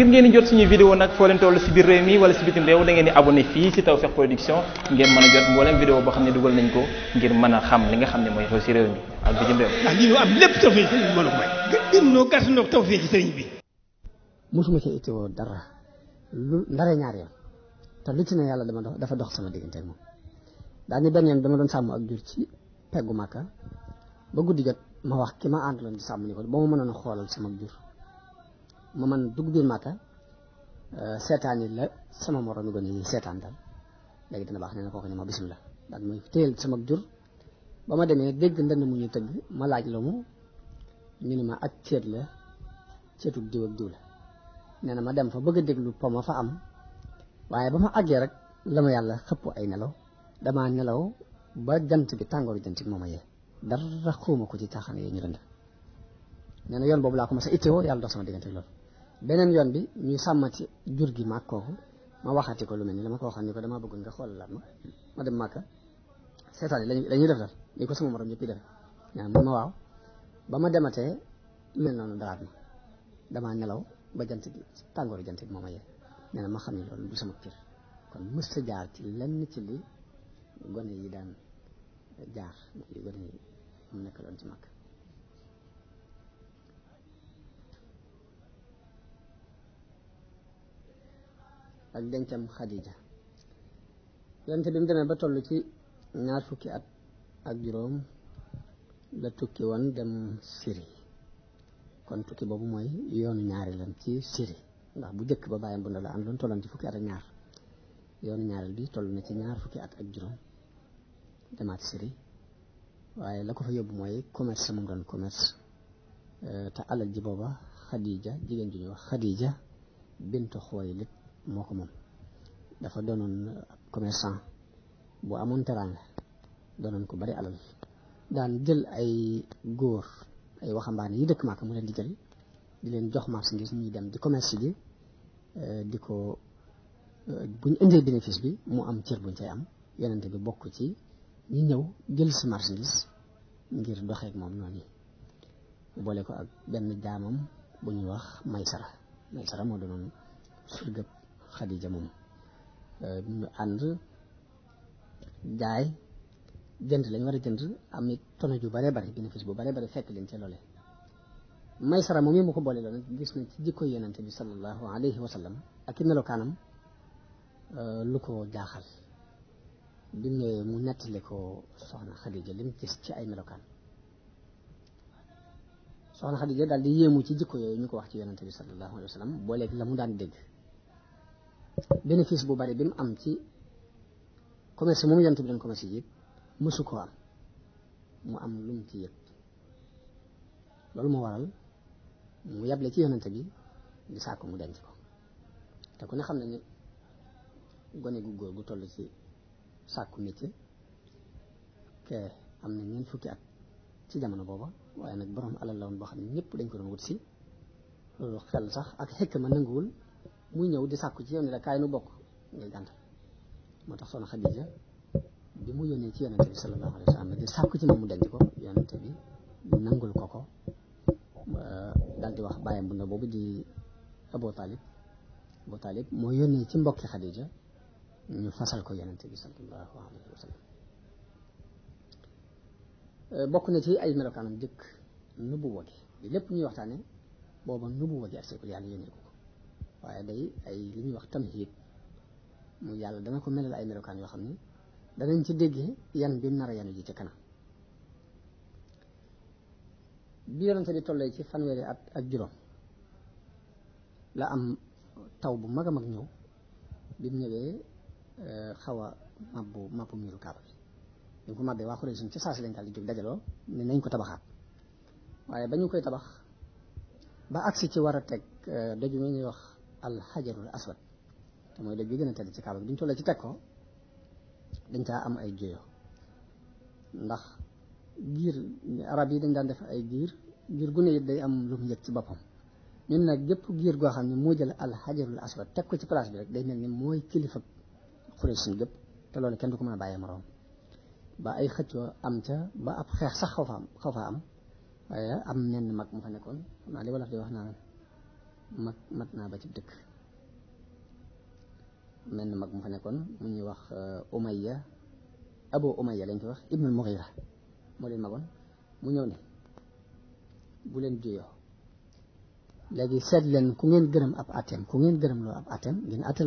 ngir ngeen di jot suñuy vidéo nag foo leen toll si biir réew mi wala si bitim réew da ngeen di abonné fii si Tawfekh Production ngeen mën a jot mboolem vidéo boo xam ne dugal nañ ko ngir mën a xam li nga xam ne mooy xew si réew mi ak bitim réew. ndax lii ñu am lépp ci sëriñ bi a may. gën dara lu ndaree ñaar yoon te lu ci ne yàlla dama dox dafa dox sama diggante ak moom daañu benn yoon dama doon sàmm ak jur ci peggu Màkka ba guddi jot ma wax ki ma ànd di sàmm ni ko ba ma mënoon a xoolal sama jur ma mën dugg biir màkka euh, seetaan yi la sama morom mi gone yi seetaan daal léegi dana baax nee na kooku ne ma bismillah daal muy téyel sama jur ba ma demee dégg ndënd mu ñu tëgg ma laaj la mu ñu ne ma ak ceet la ceetu diw ak diw la nee na ma dem fa bëgg déglu po ma fa am waaye ba ma àggee rek la ma yàlla xëpp ay nelaw damaa nelaw ba jant bi tàngooru jant bi moo ma yee dara xuuma ko ci caaxaan yooyu ñu dënd nee na yoon boobu laa ko ma sa ittewoo yàlla dox sama diggante beneen yoon bi ñuy sàmmati jur gi maag kooku ma waxati ko lu mel ni la ma ko waxoon ni ko damaa bëggoon nga xoolalaat ma ma dem màkka seetaan lañuy lañuy def dal ni ko sama morom ñëpp def ñaa mun ma waaw ba ma dematee mel noonu dalaat ma damaa nelaw ba jant bi tàngooru bi moo ma xam ne loolu du sama piir kon mësta jaar ci lenn ci li gone yi daan jaar li gone yi mu nekkaloon ci màkk ak dencam xadija yonte bi mu demee ba toll ci ñaar fukki at ak juróom la tukki woon dem Syrie kon tukki boobu mooy yoonu ñaari lan ci Syrie ndax bu jëkk ba bàyyam bu ndaw la àndoon tolloon ci fukki at ak ñaar yoonu toll na ci ñaar fukki at ak juróom demaat Syrie waaye la ko fa yóbbu mooy commerce moom doon commerce eh, te alal ji booba Khadija jigéen ju ñuy wax Khadija bint Xuwaylid moo ko moom dafa doonoon commerçant bu amoon teraanga doonoon ko bari alal daan jël ay góor ay waxambaane yi dëkk maaka mu leen di jël di leen jox ngis ñuy dem di commerce bi eh, di ko eh, buñ indee bénéfice bi mu am cër buñ cay am yonente bi bokk ci ñu ñëw jël si marchandise ngir doxeek moom noonu yi boole ko ak benn jaamam bu ñuy wax maysara maysara moo doonoon surgëb Khadija moom ñu ànd jaay jënd lañ war a jënd am it tono ju bare bari bénéfice bu bare bari fekk leen ca loole Maysara moom yi mu ko boole loolu gis na ci jikko yonent bi sallallahu alayhi wa sallam ak i melokaanam euh, lu ko jaaxal bi mu ñëwee mu nettali ko soxna gis ci ay melokaan soxna Khadija daal di yéemu ci jikko yooyu ñu ko wax ci yonent bi sallallahu alayhi wa la mu daan dégg bénéfice bu bari bi mu am ci commerce moom yonent bi doon commerce yi mësu koo am mu am lu mu ci yëg loolu moo waral mu yable ci yonent bi di sàkku mu denc ko te ku ne xam ne ni gone gu góor gu toll ci sàkku métier am na ñeent fukki at ci jamono booba waaye nag borom alal la woon boo xam ne ñëpp dañ ko doon wut si loolu xel sax ak xekk ma nanguwul muy ñëw di sàkku ci yow ne la kaay nu bokk ngay gàntal moo tax soxna Xadija bi mu yónnee ci yonente bi sallallahu alayhi wa di sàkku ci moom mu denc ko yonente bi nangul ko ko daal di wax bàyyam bu ndaw boobu di Abu moo yónnee ci mbokki Xadija ñu fasal ko yonente bi sallallahu alayhi wa sallam euh, bokk na ci ay melokaanam jëkk nubuwa gi lépp ñuy waxtaane booba nubuwa gi ak sekul yàlla yónnee ko waaye day ay li ñuy wax tamhiid mu yàlla dana ko melal ay melokaan yoo xam ne danañ ci déggee yan bi nar a yanu ji ci kanam bi yonente di tollee ci fanweeri at ak juróom la am taw bu mag a mag ñëw bi mu ñëwee euh, xaw a mabbu mabbu miiru kaaba bi bi ko mabbee waa Xuraysh ci saasi lañ daal di jóg dajaloo ne nañ ko tabaxaat waaye ba ñu koy tabax ba agsi ci war a teg euh, doj mi wax alxajarul aswad te mooy doj bi gën a tedd ci kaaba bi duñ toll ci teg ko dañ caa am ay jéyo ndax giir arab yi dañ daan def ay giir giir gu ne it day am lu mu yëg ci boppam ñun nag gépp giir goo xam ne moo jël alxajarul aswad teg ko ci place bi rek day mel ni mooy kilifa xureesin gépp te loolu kenn du ko mën a bàyyee moroom ba ay xëccoo am ca ba ab xeex sax xaw fa am xaw am waaye am nenn mag mu fa nekkoon naa li wolof di wax naa mag mat naa ba ci dëkk mel na mag mu fa nekkoon mu ñuy wax euh, Umayya Abu Umayya lañ ko wax Ibnul Mughira moo leen magoon mu ñëw ne bu leen juyoo léegi seet leen ku ngeen gërëm ab atem ku ngeen gërëm loo ab atem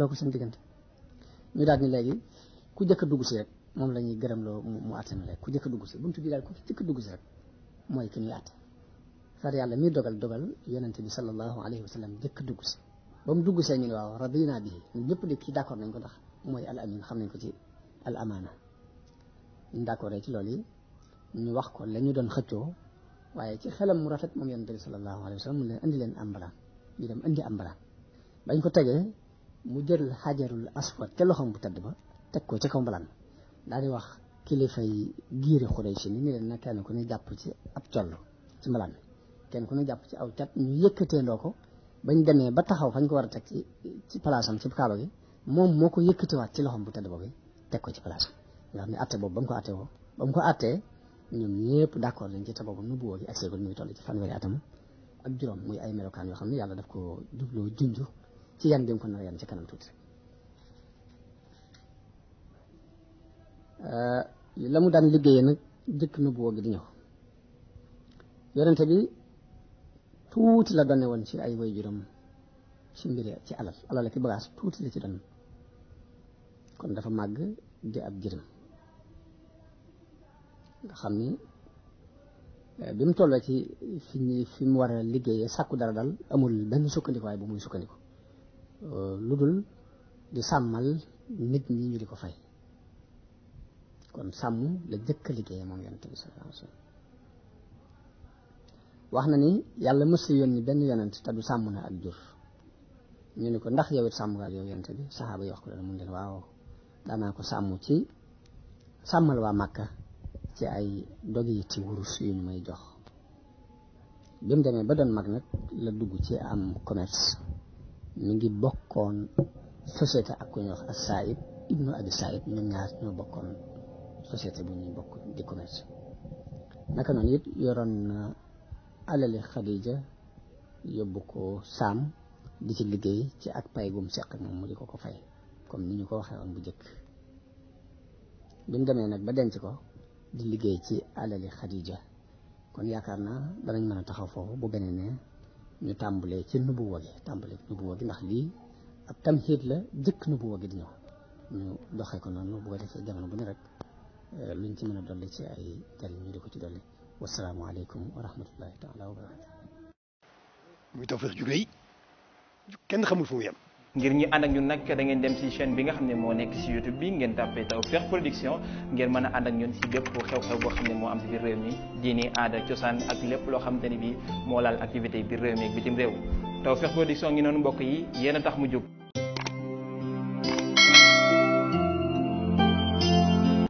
ko seen diggante ñu daal ni ku jëkk a dugg si rek moom la ñuy gërëm loo mu atem rek ku jëkk dugg si buntu bi daal ku jëkk a dugg si rek mooy ki ñuy atte far yàlla mi dogal dogal yonente bi sallallahu alayhi wa sallam jëkk dugg si ba mu dugg see ñu ne waaw radina bi ñun ñëpp di ci d'accord nañ ko ndax mooy al amin xam nañ ko ci al amaana ñu d'accord ci loolu yi ñu wax ko la ñu doon xëccoo waaye ci xelam mu rafet moom yonente bi sallallahu alayhi wa sallam mu leen andi leen ambalaan ñu dem andi ambalaan bañ ko tegee mu jël xajarul aswad ca loxoom bu tedd ba teg ko ci kaw mbalaan daal di wax kilifa yi giiri Xuraysi ni ni leen na kenn ku ne jàpp ci ab coll ci mbalaan kenn ku ne jàpp ci aw cat ñu yëkkateendoo ko bañ demee ba taxaw fañ ko war a teg ci ci palaasam ci kaaba gi moom moo ko yëkkatewaat ci loxoom bu tedd boobu teg ko ci palaasam nga xam ne atte boobu ba mu ko atte woo ba ko attee ñoom ñëpp d'accord lañ ci te boobu nu buwoo gi ak seegul muy toll ci fanweeri atam ak juróom muy ay melokaan yoo xam ne yàlla daf ko jubloo junj ci yan dem ko nar yan ci euh, la mu daan liggéeyee nag jëkk nu buwoo gi di ñëw tuuti la donne woon ci ay way juróom ci mbir ci alal alal ak bagaas tuuti la ci doon kon dafa màgg di ab jërëm nga xam ni eh, bi mu tolloo ci fi ñu fi mu war a liggéeyee sàkku dara dal amul benn sukkandikuwaay bu muy sukkandiku eh, lu dul di sàmmal nit ñi ñu di ko fay kon sàmm la jëkk liggéeyee moom yonent bi sallallahu alayhi wasallam wax na ni yàlla mës a yónni benn yonent te du sàmm na ak jur ñu ne ko ndax yow sàmm nga ak yonent bi saxaaba yi wax ko loolu mun leen waaw daanaa ko sàmm ci sàmmal waa Màkka ci ay dog yi ci wurus yu ñu may jox bi mu demee ba doon mag nag la dugg ci am commerce mu ngi bokkoon société ak ku ñuy wax ak Saïd ibnu Abi Saïd ñoom ñaar ñoo bokkoon société bu ñuy bokk di commerce naka noonu it yoroon alali Xadija yóbbu ko saam di ci liggéey ci ak pay gum seq moom mu di ko ko fay comme ni ñu ko waxee woon bu jëkk bi demee nag ba denc ko di liggéey ci alali Xadija kon yaakaar naa danañ mën a taxaw foofu bu benee ne ñu tàmbalee ci nubuwa gi tàmbalee ci nubuwa gi ndax lii ab tamxiit la jëkk nubuwa gi di ñëw ñu doxee ko noonu bu ko defee bu ne rek eh, luñ ci mën a dolli ci ay jariñ ñu di ko ci dolli wasalaamaaleykum wa rahmatullahi taala wa barakatu muy Tawfekh ju rëy kenn xamul fu mu yem ngir ñi ànd ak ñun nag da ngeen dem si chaîne bi nga xam ne moo nekk si YouTube bi ngeen tàppee Tawfekh Production ngeen mën a ànd ak ñun si bépp xew-xew boo xam ne moo am si biir réew mi diini aada cosaan ak lépp loo xamante ni bi moo laal activité biir réew mi ak bitim réew Tawfekh Production ngi noonu mbokk yi yéen tax mu jóg